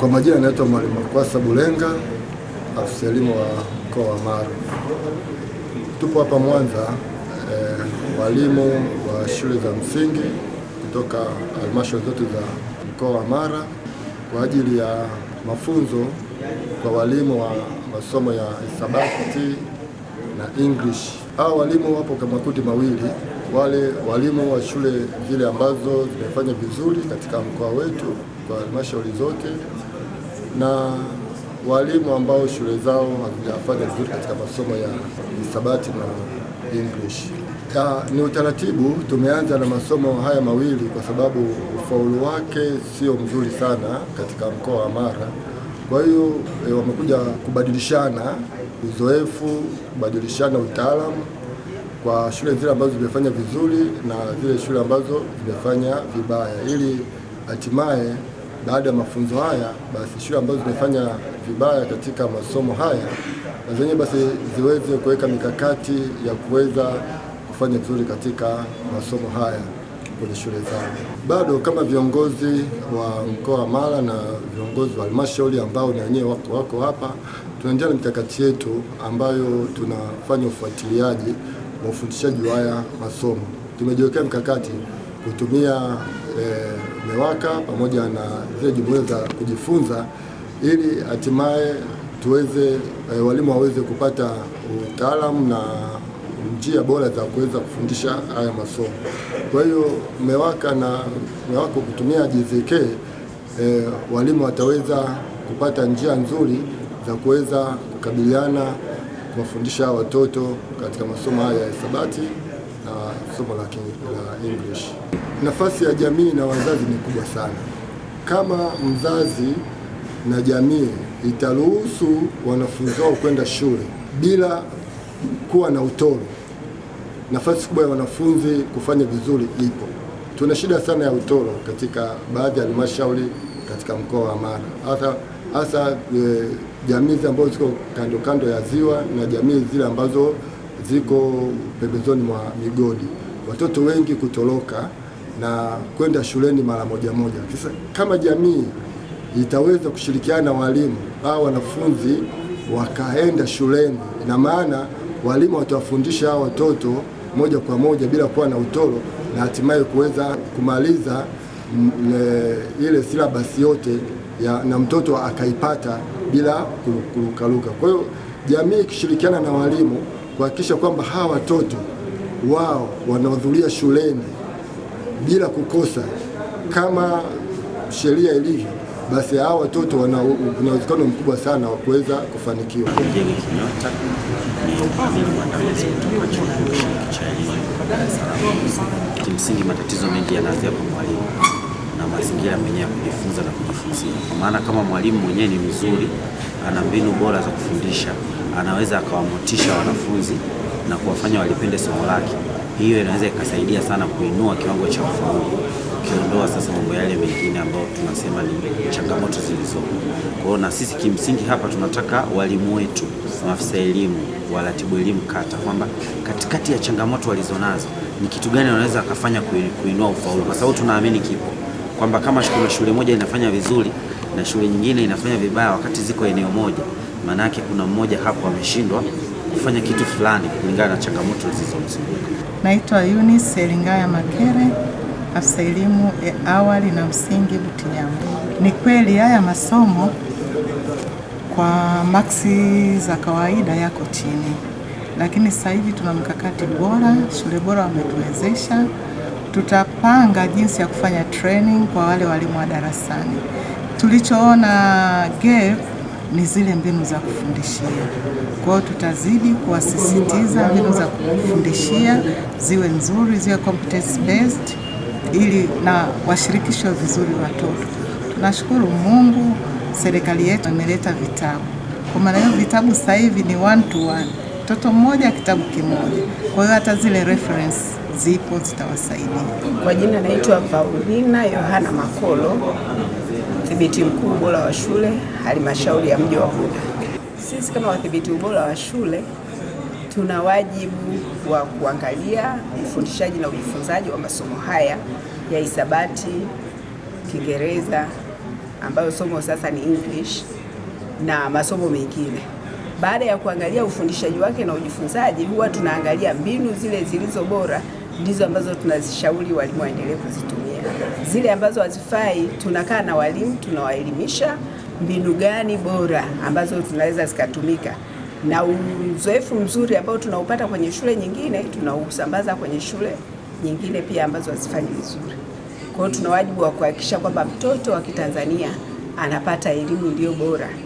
Kwa majina anaitwa Mwalimu Kwasa Bulenga, afisa elimu wa mkoa wa Mara. Tupo hapa Mwanza e, walimu wa shule za msingi kutoka halmashauri zote za mkoa wa Mara kwa ajili ya mafunzo kwa walimu wa masomo ya hisabati na English. Hao walimu wapo kwa makundi mawili, wale walimu wa shule zile ambazo zimefanya vizuri katika mkoa wetu kwa halmashauri zote na walimu ambao shule zao hazijafanya vizuri katika masomo ya hisabati na English. Ta, ni utaratibu tumeanza na masomo haya mawili kwa sababu ufaulu wake sio mzuri sana katika mkoa wa Mara. Kwa hiyo e, wamekuja kubadilishana uzoefu, kubadilishana utaalamu kwa shule zile ambazo zimefanya vizuri na zile shule ambazo zimefanya vibaya ili hatimaye baada ya mafunzo haya basi shule ambazo zimefanya vibaya katika masomo haya na zenye basi ziweze kuweka mikakati ya kuweza kufanya vizuri katika masomo haya kwenye shule zao. Bado kama viongozi wa mkoa wa Mara na viongozi wa halmashauri ambao na wenyewe wako, wako hapa, tunaendelea na mikakati yetu ambayo tunafanya ufuatiliaji wa ufundishaji wa haya masomo. Tumejiwekea mkakati kutumia e, MEWAKA pamoja na zile jumuiya za kujifunza ili hatimaye tuweze e, walimu waweze kupata utaalamu na njia bora za kuweza kufundisha haya masomo. Kwa hiyo MEWAKA na MEWAKA kutumia JZK e, eh, walimu wataweza kupata njia nzuri za kuweza kukabiliana kuwafundisha watoto katika masomo haya ya hisabati na somo la, la English. Nafasi ya jamii na wazazi ni kubwa sana. Kama mzazi na jamii itaruhusu wanafunzi wao kwenda shule bila kuwa na utoro, nafasi kubwa ya wanafunzi kufanya vizuri ipo. Tuna shida sana ya utoro katika baadhi ya halmashauri katika mkoa wa Mara, hasa hasa e, jamii ambazo ziko kando kando ya ziwa na jamii zile ambazo ziko pembezoni mwa migodi, watoto wengi kutoroka na kwenda shuleni mara moja moja. Sasa kama jamii itaweza kushirikiana na walimu au wanafunzi wakaenda shuleni, ina maana walimu watawafundisha hao watoto moja kwa moja bila kuwa na utoro, na hatimaye kuweza kumaliza mm, e, ile silabasi yote ya, na mtoto akaipata bila kurukaruka. Kwa hiyo jamii ikishirikiana na walimu kuhakikisha kwamba hawa watoto wao wanahudhuria shuleni bila kukosa kama sheria ilivyo, basi hawa watoto wana uwezekano mkubwa sana wa kuweza kufanikiwa. Kimsingi matatizo mengi yanaanzia kwa mwalimu na mazingira mwenyewe ya kujifunza na kujifunzia, kwa maana kama mwalimu mwenyewe ni mzuri, ana mbinu bora za kufundisha, anaweza akawamotisha wanafunzi na kuwafanya walipende somo lake. Hiyo inaweza ikasaidia sana kuinua kiwango cha ufaulu, ukiondoa sasa mambo yale mengine ambayo tunasema ni changamoto zilizopo. Kwa na sisi kimsingi hapa tunataka walimu wetu, maafisa elimu, waratibu elimu kata, kwamba katikati ya changamoto walizonazo ni kitu gani wanaweza akafanya kuinua ufaulu, kwa sababu tunaamini kipo kwamba kama kuna shule moja inafanya vizuri na shule nyingine inafanya vibaya wakati ziko eneo moja, maana yake kuna mmoja hapo ameshindwa kufanya kitu fulani kulingana na changamoto zilizomzunguka. Naitwa Eunice Elingaya Makere, afisa elimu ya awali na msingi Butinyambo. Ni kweli haya masomo kwa maksi za kawaida yako chini, lakini sasa hivi tuna mkakati bora, shule bora wametuwezesha tutapanga jinsi ya kufanya training kwa wale walimu wa darasani. Tulichoona gap ni zile mbinu za kufundishia. Kwa hiyo tutazidi kuwasisitiza mbinu za kufundishia ziwe nzuri, ziwe competence based, ili na washirikishwe vizuri watoto. Tunashukuru Mungu, serikali yetu imeleta vitabu. Kwa maana hiyo vitabu sasa hivi ni one to one, mtoto mmoja kitabu kimoja, kwa hiyo hata zile reference zipo zitawasaidia. Kwa jina naitwa Paulina Yohana Makolo, mdhibiti mkuu ubora wa shule halmashauri ya mji wa Bunda. Sisi kama wadhibiti ubora wa shule tuna wajibu wa kuangalia ufundishaji na ujifunzaji wa masomo haya ya hisabati, Kiingereza ambayo somo sasa ni English na masomo mengine. Baada ya kuangalia ufundishaji wake na ujifunzaji, huwa tunaangalia mbinu zile zilizo bora ndizo ambazo tunazishauri walimu waendelee kuzitumia. Zile ambazo hazifai, tunakaa na walimu tunawaelimisha mbinu gani bora ambazo tunaweza zikatumika, na uzoefu mzuri ambao tunaupata kwenye shule nyingine tunausambaza kwenye shule nyingine pia ambazo hazifanyi vizuri. Kwa hiyo tuna wajibu wa kuhakikisha kwamba mtoto wa Kitanzania anapata elimu iliyo bora.